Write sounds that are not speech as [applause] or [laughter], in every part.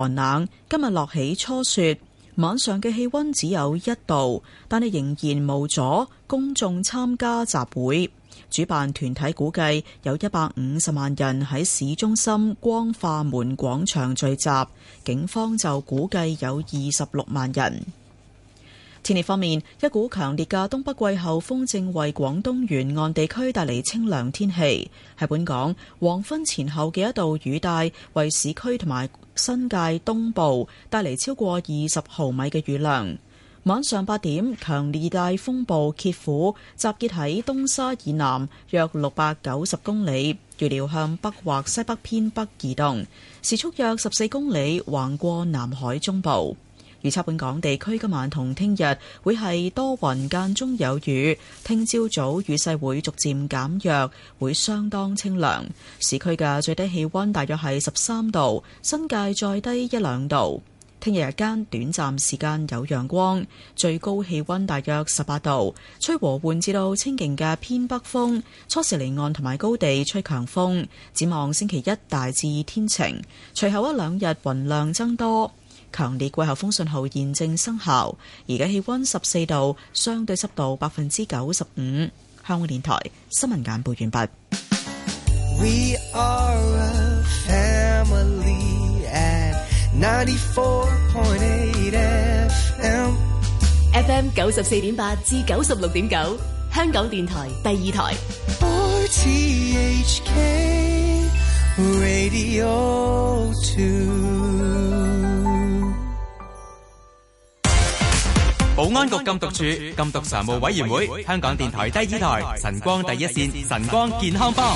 寒冷，今日落起初雪。晚上嘅氣溫只有一度，但係仍然無阻公眾參加集會。主辦團體估計有一百五十萬人喺市中心光化門廣場聚集，警方就估計有二十六萬人。天氣方面，一股強烈嘅東北季候風正為廣東沿岸地區帶嚟清涼天氣。喺本港，黃昏前後嘅一道雨帶為市區同埋新界東部帶嚟超過二十毫米嘅雨量。晚上八點，強烈熱帶風暴結虎集結喺東沙以南約六百九十公里，預料向北或西北偏北移動，時速約十四公里，橫過南海中部。預測本港地區今晚同聽日會係多雲間中有雨，聽朝早雨勢會逐漸減弱，會相當清涼。市區嘅最低氣溫大約係十三度，新界再低一兩度。聽日日間短暫時間有陽光，最高氣溫大約十八度，吹和緩至到清勁嘅偏北風。初時離岸同埋高地吹強風。展望星期一大致天晴，隨後一兩日雲量增多。強烈季候風信號現正生效，而家氣温十四度，相對濕度百分之九十五。香港電台新聞簡報完畢。FM 九十四點八至九十六點九，香港電台第二台。保安局禁毒處禁毒常務委員會，香港電台第二台，晨光第一線，晨光健康幫。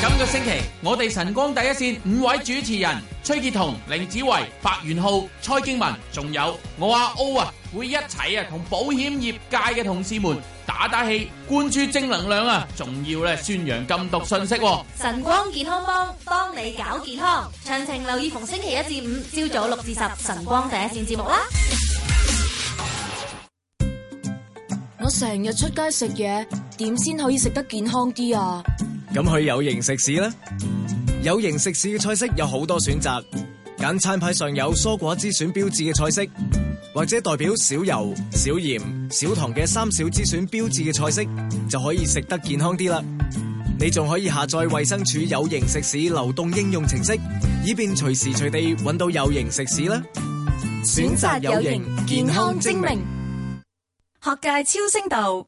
今個星期我哋晨光第一線五位主持人：崔潔彤、凌子維、白元浩、蔡敬文，仲有我阿 O 啊，會一齊啊同保險業界嘅同事們打打氣，關注正能量啊，仲要咧宣揚禁毒信息。晨光健康幫幫你搞健康，詳情留意逢星期一至五朝早六至十晨光第一線節目啦。我成日出街食嘢，點先可以食得健康啲啊？咁去有形食肆啦！有形食肆嘅菜式有好多選擇，揀餐牌上有蔬果之選標誌嘅菜式，或者代表少油、少鹽、少糖嘅三少之選標誌嘅菜式，就可以食得健康啲啦。你仲可以下載衛生署有形食肆流動應用程式，以便隨時隨地搵到有形食肆啦。選擇有形，健康精明。學界超聲道，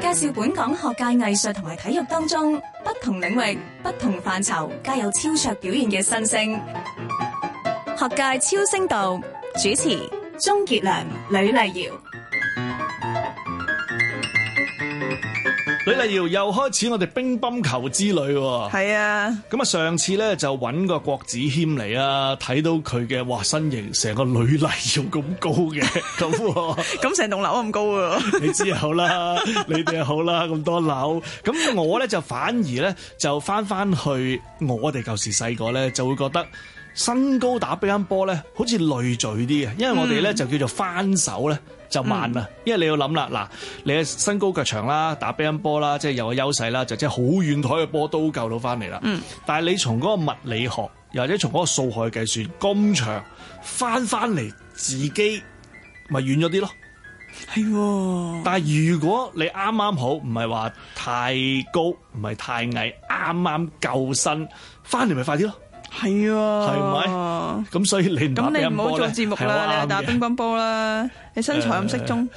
介紹本港學界藝術同埋體育當中不同領域、不同範疇皆有超卓表現嘅新星。學界超聲道主持：鍾傑良、呂麗瑤。呂麗瑤，又開始我哋乒乓球之旅喎、哦，係啊，咁啊上次咧就搵個郭子謙嚟啊，睇到佢嘅哇身形成個呂麗瑤咁高嘅，咁喎、哦，咁成棟樓咁高嘅、哦，你知好啦，你哋好啦，咁多樓，咁我咧就反而咧就翻翻去我哋舊時細個咧就會覺得。身高打乒乓波咧，好似累贅啲啊，因為我哋咧、嗯、就叫做翻手咧就慢啦，嗯、因為你要諗啦，嗱，你嘅身高腳長啦，打乒乓波啦，即係有個優勢啦，就即係好遠台嘅波都救到翻嚟啦。嗯。但係你從嗰個物理學，又或者從嗰個數學嘅計算，咁長翻翻嚟自己咪遠咗啲咯。係。是啊、但係如果你啱啱好，唔係話太高，唔係太矮，啱啱夠身翻嚟咪快啲咯。係啊，係咪？咁所以你唔咁你唔好做節目啦，你係打乒乓波啦，呃、你身材咁適中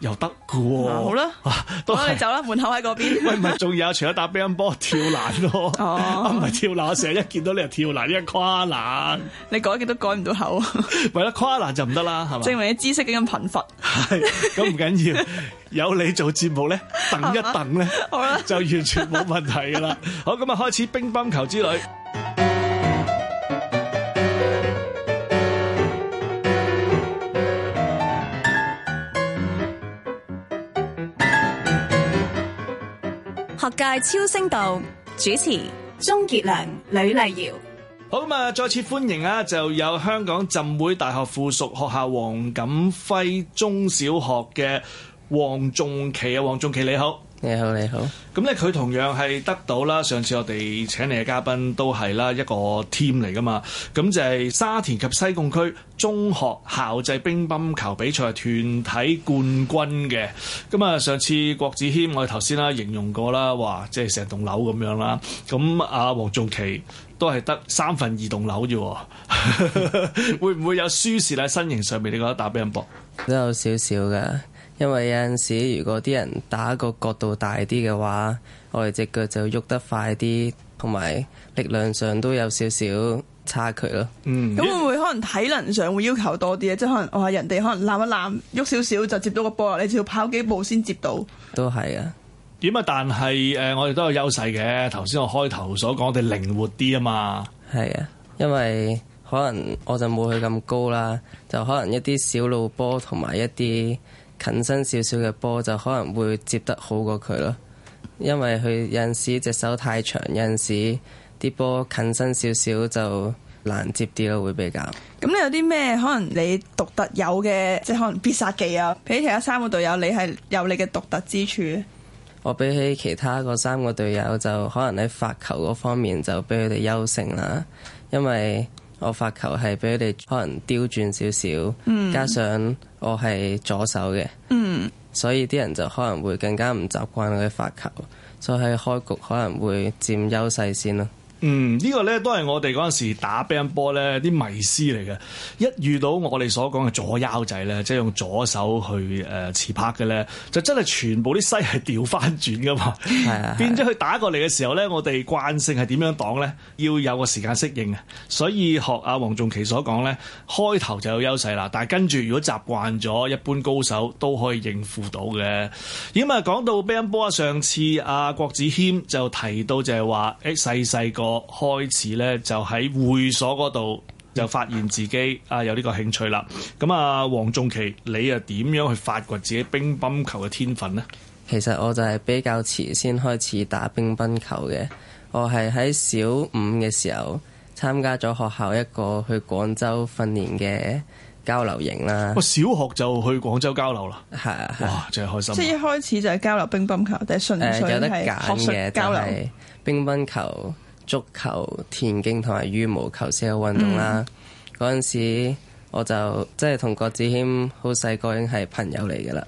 又得嘅喎，好啦，我哋、啊、走啦，門口喺嗰邊。喂，唔係，仲有除咗打乒乓波，跳欄咯，哦、啊唔係跳欄，我成日一見到你就跳欄，一跨欄， [laughs] 你改極都改唔到口。咪 [laughs] 咯，跨欄就唔得啦，係嘛？證明你知識咁咁貧乏。係咁唔緊要，有你做節目咧，等一等咧，嗎就完全冇問題噶啦。 [laughs] 好，咁啊開始乒乓球之旅。界超聲道主持鍾傑良、呂麗瑤，好咁啊，再次歡迎啊，就有香港浸會大學附屬學校王錦輝中小學嘅黃仲祺啊，黃仲祺你好。你好，你好。咁咧，佢同樣係得到啦。上次我哋請嚟嘅嘉賓都係啦，一個 team 嚟噶嘛。咁就係沙田及西貢區中學校際乒乓球比賽團體冠軍嘅。咁啊，上次郭子謙我哋頭先啦形容過啦，話即係成棟樓咁樣啦。咁啊，黃仲祺都係得三分二棟樓啫。 [laughs] [laughs] 會唔會有輸蝕喺身形上面？你覺得打乒乓波？都有少少㗎。因為有陣時，如果啲人打個角度大啲嘅話，我哋隻腳就喐得快啲，同埋力量上都有少少差距咯。嗯，咁會唔會可能體能上會要求多啲咧，嗯也？即係可能我，哦，人哋可能攬一攬，喐少少就接到個波，你就要跑幾步先接到？都係啊，點啊？但係誒、呃，我哋都有優勢嘅。頭先我開頭所講，我哋靈活啲啊嘛，係啊，因為可能我就冇佢咁高啦，就可能一啲小路波同埋一啲。近身少少嘅波就可能會接得好過佢咯，因為佢有陣時隻手太長，有陣時啲波近身少少就難接啲咯，會比較。咁你有啲咩可能你獨特有嘅，即係可能必殺技啊？比起其他三個隊友，你係有你嘅獨特之處。我比起其他嗰三個隊友，就可能喺發球嗰方面就比佢哋優勝啦，因為。我發球係俾佢哋可能刁轉少少，加上我係左手嘅，所以啲人就可能會更加唔習慣我啲發球，所以喺開局可能會佔優勢先咯。嗯，這個、呢個咧都係我哋陣嗰陣時打乒乓波咧啲迷思嚟嘅，一遇到我哋所講嘅左腰仔咧，即係用左手去誒、呃、持拍嘅咧，就真係全部啲西係調翻轉噶嘛，是的 變咗佢打過嚟嘅時候咧，是的 我哋慣性係點樣擋咧？要有個時間適應啊！所以學阿黃仲祺所講咧，開頭就有優勢啦，但係跟住如果習慣咗，一般高手都可以應付到嘅。咁啊，講到 band 乒乓波啊，上次阿郭子謙就提到就係話誒細細個。哎開始咧就喺會所嗰度就發現自己啊有呢個興趣啦。咁啊，黃仲祺，你又點樣去發掘自己乒乓球嘅天分呢？其實我就係比較遲先開始打乒乓球嘅。我係喺小五嘅時候參加咗學校一個去廣州訓練嘅交流營啦。我小學就去廣州交流啦。係哇，哇真係開心啊！即係一開始就係交流乒乓球，定係純有得學嘅，交流？呃就係，乒乓球。足球、田徑同埋羽毛球，先係運動啦。嗰陣、嗯、時我就即係同郭子謙好細個已經係朋友嚟㗎啦。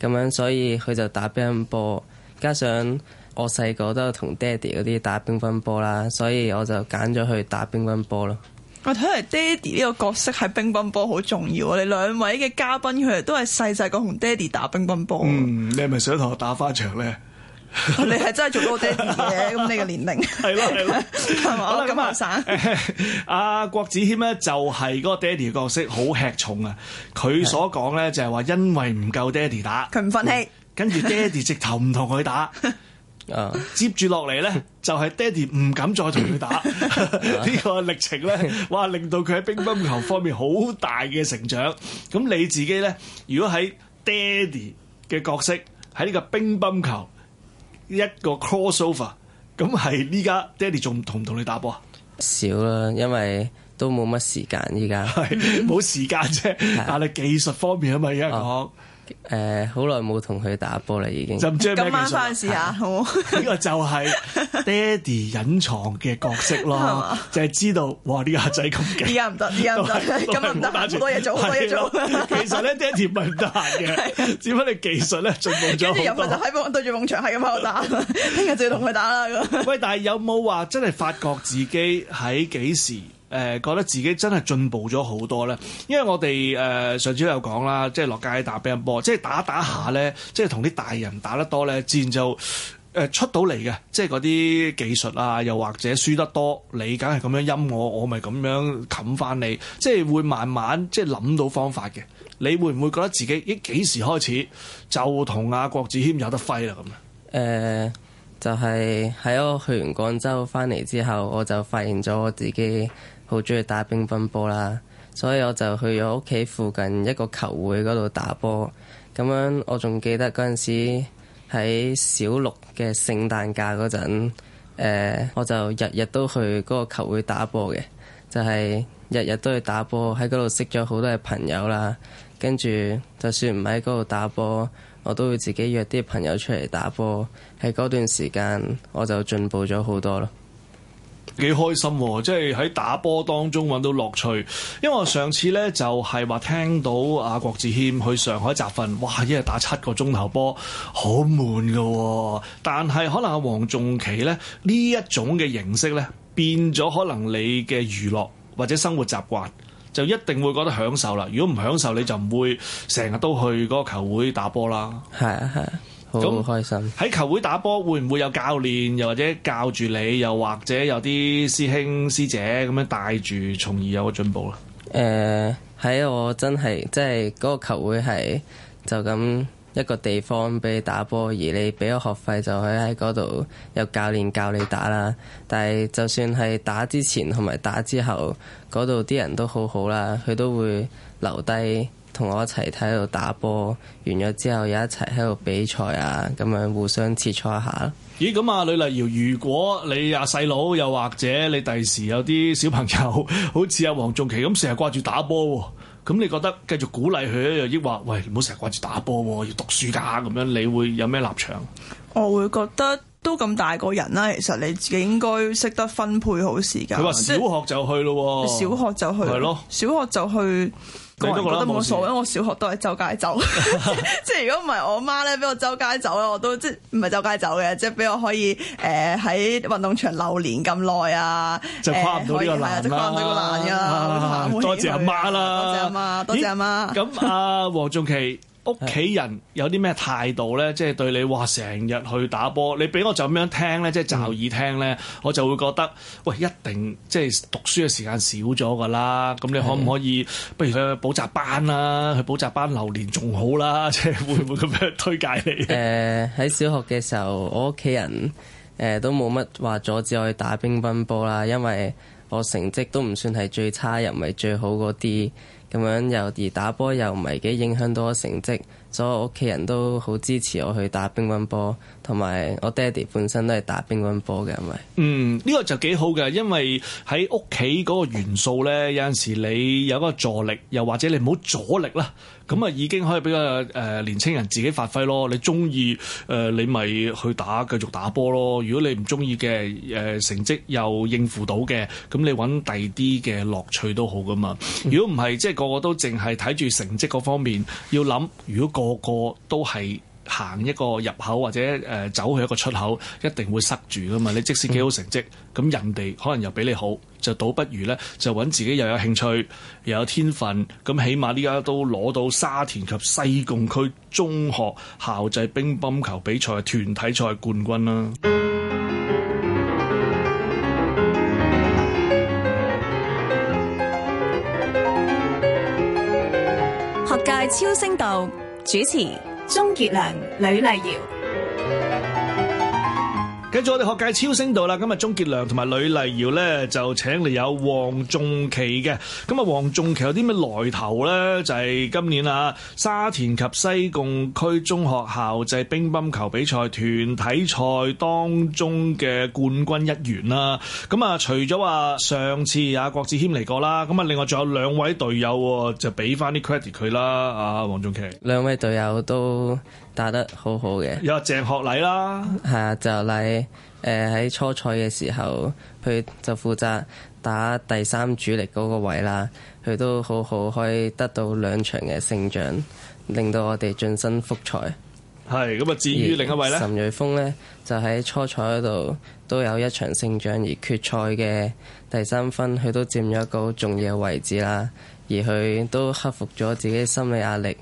咁樣所以佢就打乒乓波，加上我細個都同爹哋嗰啲打乒乓波啦，所以我就揀咗去打乒乓波咯。我睇嚟爹哋呢個角色係乒乓波好重要。我哋兩位嘅嘉賓，佢哋都係細細個同爹哋打乒乓波。嗯，你係咪想同我打翻場呢？ [laughs] 你係真係做到爹哋嘅，咁你嘅年齡係咯，係咯，係嘛？ [laughs] 咁、 [laughs] 嗯嗯、啊，阿郭子謙咧就係個爹哋嘅角色好吃重啊！佢所講咧就係話，因為唔夠爹哋打，佢唔忿氣，跟住爹哋直頭唔同佢打， [laughs] 接住落嚟咧就係爹哋唔敢再同佢打。 [laughs] [laughs] 個歷呢個歷程咧，哇，令到佢喺乒乓球方面好大嘅成長。咁你自己咧，如果喺爹哋嘅角色喺呢個乒乓球，一個 crossover，咁係依家爹哋仲同唔同你打波啊？少啦，因為都冇乜時間依家，係冇時間啫。但係技術方面啊嘛，而家講。誒，好耐冇同佢打波啦，已經。今晚翻試下好。呢個就係爹哋隱藏嘅角色咯，就係知道哇呢個仔咁勁。而家唔得，而家唔得，咁唔得，好多嘢做，好多嘢做。其實咧，爹哋唔係唔得閒嘅，只不過你技術咧進步咗好多。今日就喺度對住夢場，係咁喺度打，聽日就要同佢打啦。喂，但係有冇話真係發覺自己喺幾時？誒、呃、覺得自己真係進步咗好多呢。因為我哋誒、呃、上次都有講啦，即係落街打乒乓波，即係打打下呢，即係同啲大人打得多呢，自然就誒、呃、出到嚟嘅，即係嗰啲技術啊，又或者輸得多，你梗係咁樣陰我，我咪咁樣冚翻你，即係會慢慢即係諗到方法嘅。你會唔會覺得自己依幾時開始就同阿郭子謙有得揮啦咁啊？誒、呃，就係、是、喺我去完廣州翻嚟之後，我就發現咗我自己。好中意打乒乓波啦，所以我就去咗屋企附近一個球會嗰度打波。咁樣我仲記得嗰陣時喺小六嘅聖誕假嗰陣，呃，我就日日都去嗰個球會打波嘅。就係日日都去打波，喺嗰度識咗好多嘅朋友啦。跟住就算唔喺嗰度打波，我都會自己約啲朋友出嚟打波。喺嗰段時間，我就進步咗好多咯。幾開心喎！即係喺打波當中揾到樂趣，因為我上次呢，就係話聽到阿郭志謙去上海集訓，哇！一日打七個鐘頭波，好悶噶喎。但係可能阿黃仲祺呢，呢一種嘅形式呢，變咗可能你嘅娛樂或者生活習慣就一定會覺得享受啦。如果唔享受，你就唔會成日都去嗰個球會打波啦。係啊，係啊。開心。喺球會打波，會唔會有教練，又或者教住你，又或者有啲師兄師姐咁樣帶住，從而有個進步咧？誒、呃，喺我真係即係嗰個球會係就咁一個地方俾你打波，而你俾咗學費就可以喺嗰度有教練教你打啦。但係就算係打之前同埋打之後，嗰度啲人都好好啦，佢都會留低。同我一齊喺度打波，完咗之後又一齊喺度比賽啊，咁樣互相切磋一下。咦，咁、呃、啊，呂麗瑤，如果你啊細佬，又或者你第時有啲小朋友，好似阿黃仲祺咁，成日掛住打波，咁你覺得繼續鼓勵佢，又抑或喂，唔好成日掛住打波，要讀書噶咁樣，你會有咩立場？我會覺得都咁大個人啦，其實你自己應該識得分配好時間。佢話小學就去咯，小學就去，小學就去，係咯，小學就去。我都覺得冇所謂，因為我小學都係周街走 [laughs] [laughs] 即，即係如果唔係我媽咧俾我周街走咧，我都即係唔係周街走嘅，即係俾我可以誒喺、呃、運動場流連咁耐啊，呃就啊呃，就跨唔到呢個欄啦、啊，就跨唔到個欄㗎。多謝阿媽，媽啦，多謝阿媽，媽，多謝阿媽，媽。咁阿黃仲祺。屋企人有啲咩態度呢？即係對你，哇！成日去打波，你俾我就咁樣聽呢，嗯、即係罩耳聽呢，我就會覺得，喂，一定即係讀書嘅時間少咗㗎啦。咁你可唔可以，是的 不如去補習班啦？去補習班留年仲好啦，即係會唔會咁樣推介你？誒、呃，喺小學嘅時候，我屋企人、呃、都冇乜話阻止我去打乒乓波啦，因為我成績都唔算係最差，又唔係最好嗰啲。咁樣又而打波又唔係幾影響到我成績，所以我屋企人都好支持我去打乒乓波。同埋我爹哋本身都係打乒乓波嘅，係咪？嗯，呢、這個就幾好嘅，因為喺屋企嗰個元素咧，有陣時你有一個助力，又或者你唔好阻力啦，咁啊已經可以俾個誒年青人自己發揮咯。你中意誒，你咪去打繼續打波咯。如果你唔中意嘅，誒、呃、成績又應付到嘅，咁你揾第二啲嘅樂趣都好噶嘛。如果唔係，即係個個都淨係睇住成績嗰方面，要諗，如果個個都係。行一個入口或者誒、呃、走去一個出口，一定會塞住噶嘛。你即使幾好成績，咁、嗯、人哋可能又比你好，就倒不如呢，就揾自己又有興趣又有天分，咁、嗯、起碼呢家都攞到沙田及西貢區中學校際乒乓球比賽團體賽冠軍啦、啊。學界超聲道主持。鍾傑良、呂麗瑤。跟住我哋學界超聲道啦，今日鍾傑良同埋呂麗瑤咧就請嚟有黃仲祺嘅，咁啊黃仲祺有啲咩來頭咧？就係、是、今年啊沙田及西貢區中學校際乒乓球比賽團體賽當中嘅冠軍一員啦、啊。咁啊，除咗話上次啊郭志謙嚟過啦，咁啊另外有兩啊啊仲有兩位隊友就俾翻啲 credit 佢啦啊黃仲祺，兩位隊友都。打得好好嘅，有鄭、啊、學禮啦，係啊，鄭學禮誒喺、呃、初賽嘅時候，佢就負責打第三主力嗰個位啦，佢都好好可以得到兩場嘅勝仗，令到我哋晉身複賽。係咁啊，至於另一位咧，陳瑞峰呢，就喺初賽嗰度都有一場勝仗，而決賽嘅第三分佢都佔咗一個好重要嘅位置啦，而佢都克服咗自己心理壓力。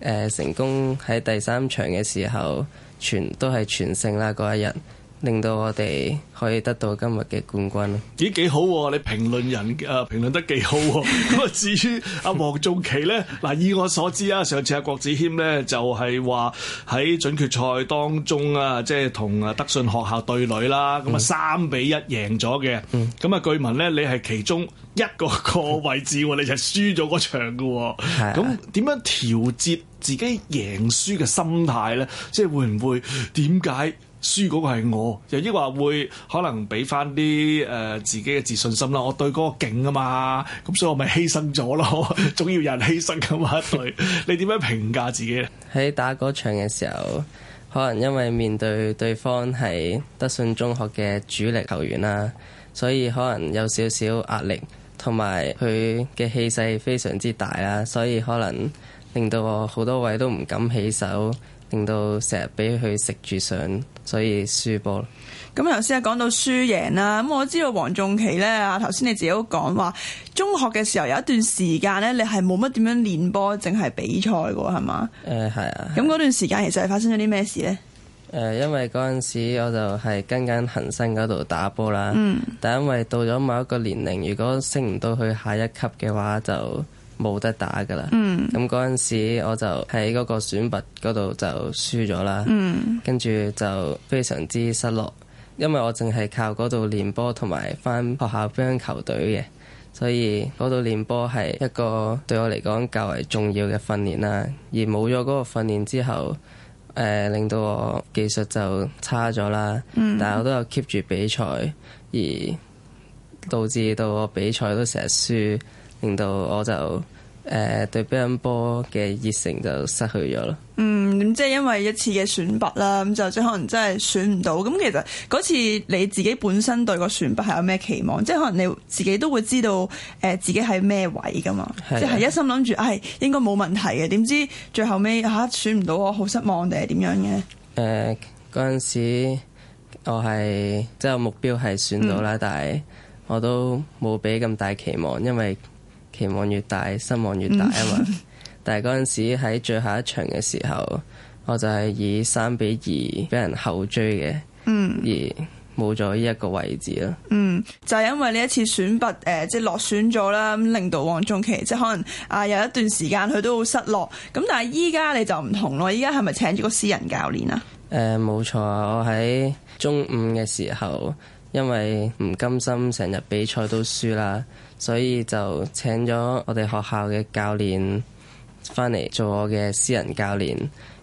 誒、呃、成功喺第三場嘅時候，全都係全勝啦嗰一日。令到我哋可以得到今日嘅冠軍，咦、欸？幾好你評論人誒，評論得幾好咁啊！呃、啊 [laughs] 至於阿黃仲祺咧，嗱， [laughs] 以我所知啊，上次阿郭子謙咧就係話喺準決賽當中啊，即係同誒德信學校對壘啦，咁啊、嗯、三比一贏咗嘅。咁啊、嗯，據聞咧，你係其中一個，個位置，嗯、你就係輸咗嗰場嘅。咁點、嗯啊、樣調節自己贏輸嘅心態咧？即係會唔會點解？輸嗰個係我，又抑話會可能俾翻啲誒自己嘅自信心啦。我對嗰個勁啊嘛，咁所以我咪犧牲咗咯。總 [laughs] 要有人犧牲嘅嘛。對，你點樣評價自己呢？喺 [laughs] 打嗰場嘅時候，可能因為面對對方係德信中學嘅主力球員啦，所以可能有少少壓力，同埋佢嘅氣勢非常之大啦，所以可能令到我好多位都唔敢起手。令到成日俾佢食住上，所以輸波。咁頭先啊，講到輸贏啦。咁我知道黃仲祺呢，啊頭先你自己都講話，中學嘅時候有一段時間呢，你係冇乜點樣練波，淨係比賽嘅喎，係嘛？誒係、呃、啊。咁嗰、啊、段時間其實係發生咗啲咩事呢？誒、呃，因為嗰陣時我就係跟緊恒生嗰度打波啦。嗯。但因為到咗某一個年齡，如果升唔到去下一級嘅話，就冇得打噶啦，咁嗰陣時我就喺嗰個選拔嗰度就輸咗啦，mm. 跟住就非常之失落，因為我淨係靠嗰度練波同埋翻學校乒乓球隊嘅，所以嗰度練波係一個對我嚟講較為重要嘅訓練啦。而冇咗嗰個訓練之後，誒、呃、令到我技術就差咗啦，但係我都有 keep 住比賽，而導致到我比賽都成日輸。令到我就誒、呃、對乒乓波嘅熱誠就失去咗咯。嗯，即係因為一次嘅選拔啦，咁就即可能真係選唔到。咁其實嗰次你自己本身對個選拔係有咩期望？即係可能你自己都會知道誒、呃、自己喺咩位噶嘛。即係一心諗住，唉，應該冇問題嘅。點知最後尾嚇選唔到，我好失望定係點樣嘅？誒，嗰陣時我係即係我目標係選到啦，嗯、但係我都冇俾咁大期望，因為。期望越大，失望越大啊嘛！但係嗰陣時喺最後一場嘅時候，我就係以三比二俾人後追嘅，嗯、而冇咗呢一個位置咯。嗯，就係、是、因為呢一次選拔，誒、呃，即、就、係、是、落選咗啦，令到黃仲祺即係可能啊有一段時間佢都好失落。咁但係依家你就唔同咯，依家係咪請咗個私人教練啊？誒、呃，冇錯我喺中午嘅時候。因為唔甘心成日比賽都輸啦，所以就請咗我哋學校嘅教練翻嚟做我嘅私人教練，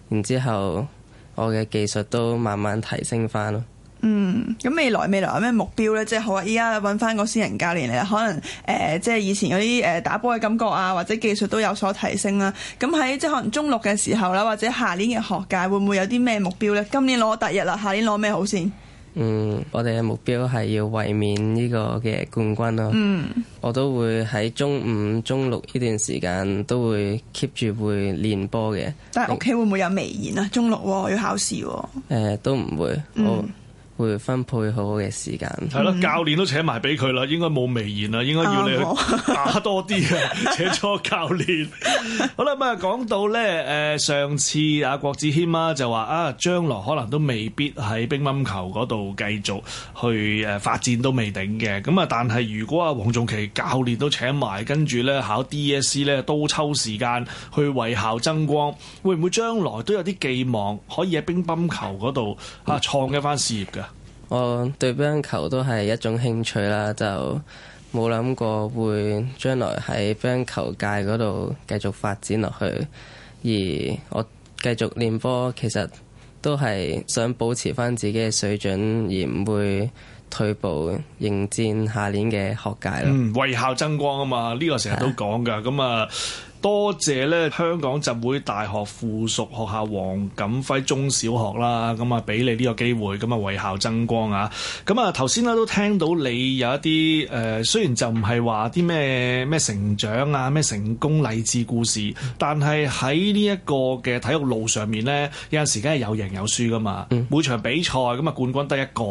然之後我嘅技術都慢慢提升翻咯。嗯，咁未來未來有咩目標呢？即係好啊！依家揾翻個私人教練嚟，可能誒、呃、即係以前嗰啲誒打波嘅感覺啊，或者技術都有所提升啦、啊。咁喺即係可能中六嘅時候啦，或者下年嘅學界會唔會有啲咩目標呢？今年攞第一啦，下年攞咩好先？嗯，我哋嘅目標係要衛冕呢個嘅冠軍咯。嗯，我都會喺中五、中六呢段時間都會 keep 住會練波嘅。但係屋企會唔會有微言啊？中六喎，要考試。誒、呃，都唔會。好、嗯。會分配好嘅時間係咯，嗯、教練都請埋俾佢啦，應該冇微言啦，應該要你去打多啲啊， [laughs] 請咗教練。 [laughs] 好啦，咁啊，講到咧，誒，上次阿郭志謙啦就話啊，將來可能都未必喺乒乓球嗰度繼續去誒發展，都未定嘅。咁啊，但係如果阿黃仲祺教練都請埋，跟住咧考 D S C 咧都抽時間去為校爭光，會唔會將來都有啲寄望可以喺乒乓球嗰度啊創一番事業嘅？我對乒乓球都係一種興趣啦，就冇諗過會將來喺乒乓球界嗰度繼續發展落去。而我繼續練波，其實都係想保持翻自己嘅水準，而唔會退步迎戰下年嘅學界啦。嗯，為校爭光啊嘛，呢個成日都講噶，咁啊的～多謝咧，香港浸會大學附屬學校王錦輝中小學啦，咁啊俾你呢個機會咁啊為校爭光啊！咁啊頭先咧都聽到你有一啲誒雖然就唔係話啲咩咩成長啊，咩成功勵志故事，但係喺呢一個嘅體育路上面咧，有陣時間係有贏有輸噶嘛。嗯、每場比賽咁啊冠軍得一個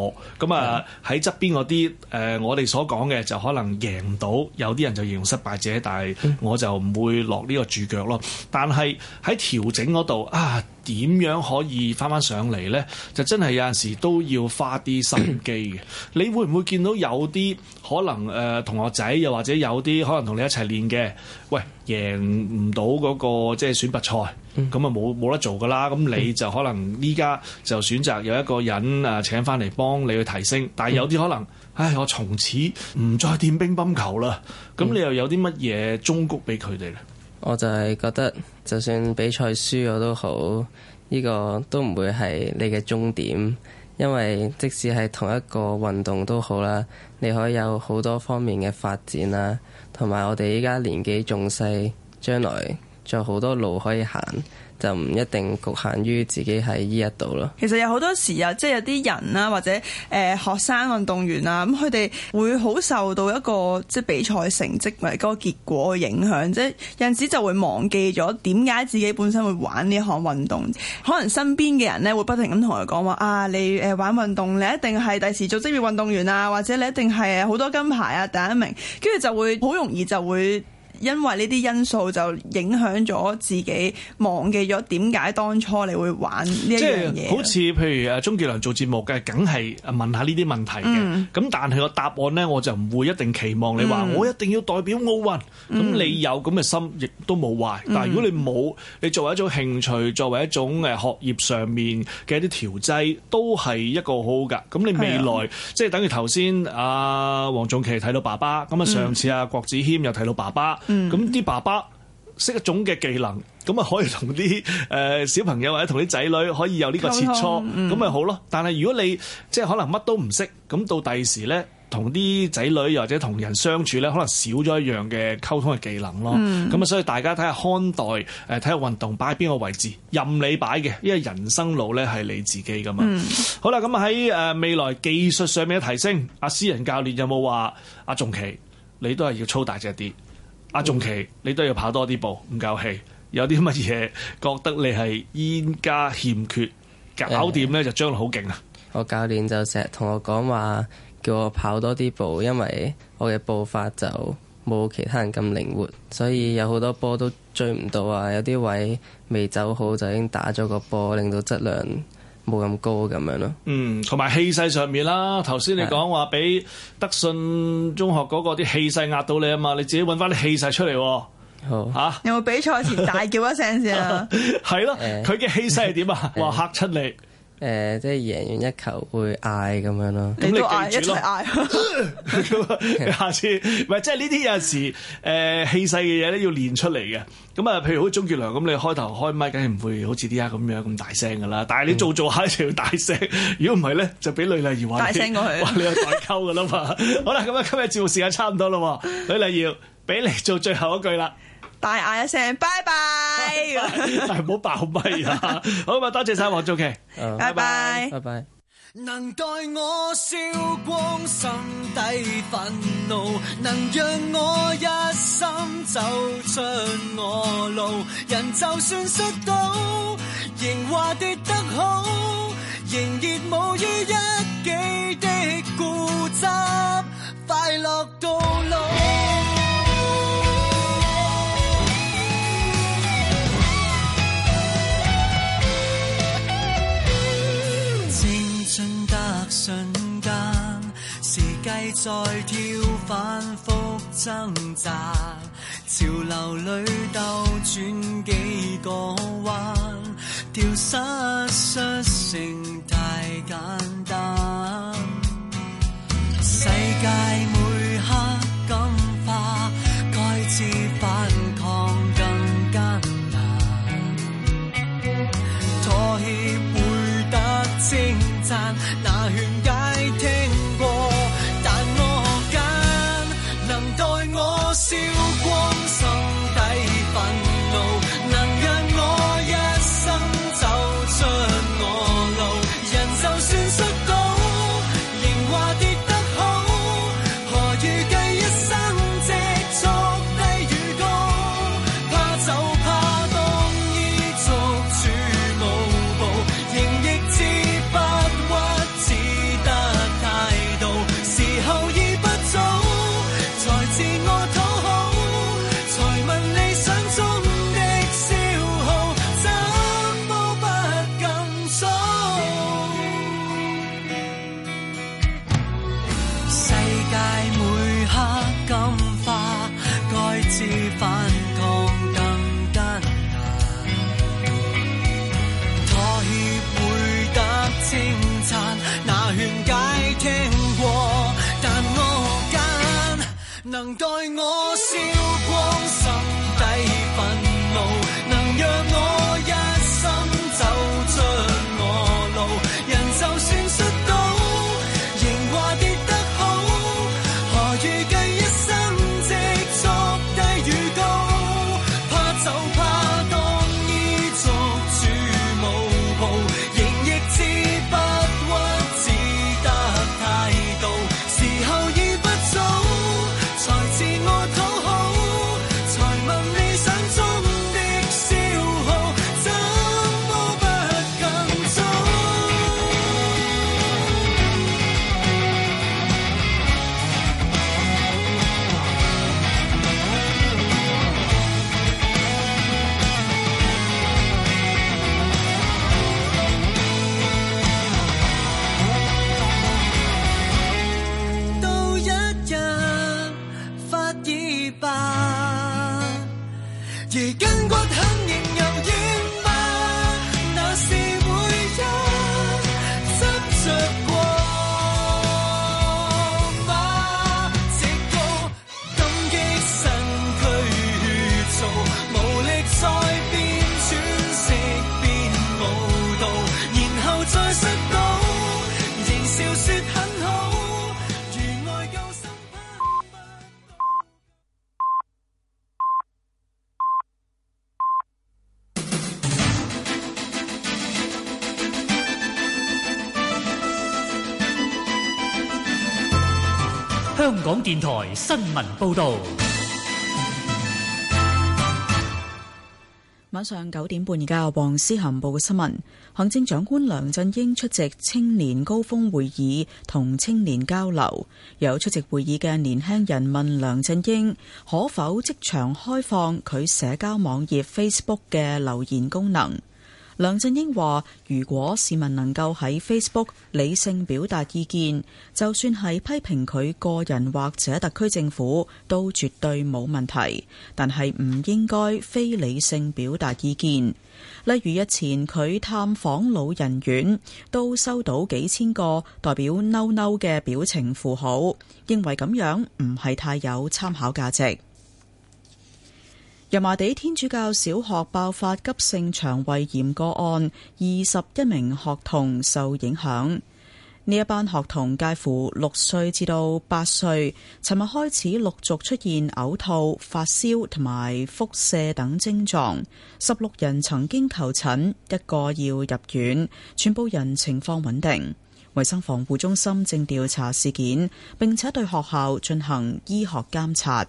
咁啊喺側邊啲誒我哋所講嘅就可能贏到，有啲人就形容失敗者，但係我就唔會落。呢個主腳咯，但係喺調整嗰度啊，點樣可以翻翻上嚟呢？就真係有陣時都要花啲心機嘅。 [coughs] 你會唔會見到有啲可能誒、呃、同學仔，又或者有啲可能同你一齊練嘅，喂，贏唔到嗰個即係選拔賽，咁啊冇冇得做噶啦？咁你就可能依家就選擇有一個人啊請翻嚟幫你去提升。但係有啲可能，嗯、唉，我從此唔再掂乒乓球啦。咁你又有啲乜嘢忠告俾佢哋呢？我就係覺得，就算比賽輸咗都好，呢個都唔會係你嘅終點，因為即使係同一個運動都好啦，你可以有好多方面嘅發展啦，同埋我哋依家年紀仲細，將來仲有好多路可以行。就唔一定局限於自己喺呢一度咯。其實有好多時啊，即係有啲人啦，或者誒、呃、學生運動員啊，咁佢哋會好受到一個即係比賽成績或者嗰個結果嘅影響，即係有陣時就會忘記咗點解自己本身會玩呢項運動。可能身邊嘅人咧會不停咁同佢講話啊，你誒玩運動，你一定係第時做職業運動員啊，或者你一定係好多金牌啊，第一名，跟住就會好容易就會。因為呢啲因素就影響咗自己，忘記咗點解當初你會玩呢樣嘢。即係好似譬如誒，鍾傑良做節目嘅，梗係問下呢啲問題嘅。咁、嗯、但係個答案呢，我就唔會一定期望你話、嗯、我一定要代表奧運、嗯。咁你有咁嘅心亦都冇壞。嗯、但係如果你冇，你作為一種興趣，作為一種誒學業上面嘅一啲調劑，都係一個好噶。咁你未來即係、嗯嗯、等於頭先啊，黃仲祺睇到爸爸。咁啊，上次啊，郭子謙又睇到爸爸。咁啲、嗯、爸爸識一種嘅技能，咁啊可以同啲誒小朋友或者同啲仔女可以有呢個切磋，咁咪、嗯、好咯。但係如果你即係可能乜都唔識，咁到第時呢，同啲仔女又或者同人相處呢，可能少咗一樣嘅溝通嘅技能咯。咁啊、嗯，所以大家睇下看，看待誒體育運動擺喺邊個位置，任你擺嘅，因為人生路呢係你自己噶嘛。嗯、好啦，咁喺誒未來技術上面嘅提升，阿私人教練有冇話阿仲祺，你都係要操大隻啲？阿、啊、仲祺，你都要跑多啲步，唔夠氣。有啲乜嘢，覺得你係冤家欠缺，搞掂呢就將來好勁啊！我教練就成日同我講話，叫我跑多啲步，因為我嘅步法就冇其他人咁靈活，所以有好多波都追唔到啊！有啲位未走好就已經打咗個波，令到質量。冇咁高咁樣咯。嗯，同埋氣勢上面啦，頭先你講話俾德信中學嗰個啲氣勢壓到你啊嘛，你自己揾翻啲氣勢出嚟喎。Oh. 啊、有冇比賽前大叫一聲先 [laughs] [laughs] [laughs] 啊？係咯，佢嘅氣勢係點啊？話 Yeah. 嚇出嚟。誒、呃，即係贏完一球會嗌，咁樣咯，咁、嗯、你嗌，一直起嗌， [laughs] [laughs] 下次唔係即係呢啲有陣時誒氣勢嘅嘢咧，呃、要練出嚟嘅。咁、嗯、啊，譬、嗯、如好鍾傑良咁，你開頭開麥，梗係唔會好似啲客咁樣咁大聲噶啦。但係你做一做下，一定要大聲。如果唔係咧，就俾呂麗瑤話大聲過佢， [laughs] 話你有代溝噶啦嘛。好啦，咁、嗯、啊，今日節目時間差唔多啦。呂麗瑤，俾你做最後一句啦。大嗌一聲，拜拜，唔好爆麥啊！好嘛，多謝晒黃仲祺，拜拜，拜拜。能代我燒光心底憤怒，能讓我一生走出我路。人就算跌倒，仍話跌得好，仍然無悔於一己的固執，快樂到老。再跳，反覆掙扎，潮流裏兜轉，幾個彎，掉失失勝太簡單。世界每刻感化，開始反抗更艱難，妥協會得稱讚，新聞報道，晚上九點半，而家黃思涵報嘅新聞，行政長官梁振英出席青年高峰會議，同青年交流。有出席會議嘅年輕人問梁振英，可否即場開放佢社交網頁 Facebook 嘅留言功能？梁振英話：如果市民能夠喺 Facebook 理性表達意見，就算係批評佢個人或者特區政府，都絕對冇問題。但係唔應該非理性表達意見。例如日前佢探訪老人院，都收到幾千個代表嬲嬲嘅表情符號，認為咁樣唔係太有參考價值。油麻地天主教小學爆發急性腸胃炎個案，二十一名學童受影響。呢一班學童介乎六歲至到八歲，尋日開始陸續出現嘔吐、發燒同埋腹瀉等症狀。十六人曾經求診，一個要入院，全部人情況穩定。衛生防護中心正調查事件，並且對學校進行醫學監察。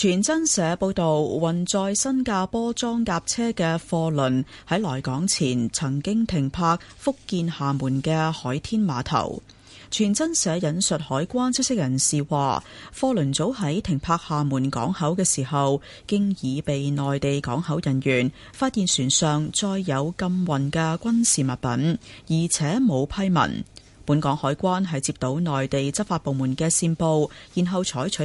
傳真社報道，運載新加坡裝甲車嘅貨輪喺來港前，曾經停泊福建廈門嘅海天碼頭。傳真社引述海關消息人士話，貨輪早喺停泊廈門港口嘅時候，經已被內地港口人員發現船上載有禁運嘅軍事物品，而且冇批文。本港海關係接到內地執法部門嘅線報，然後採取。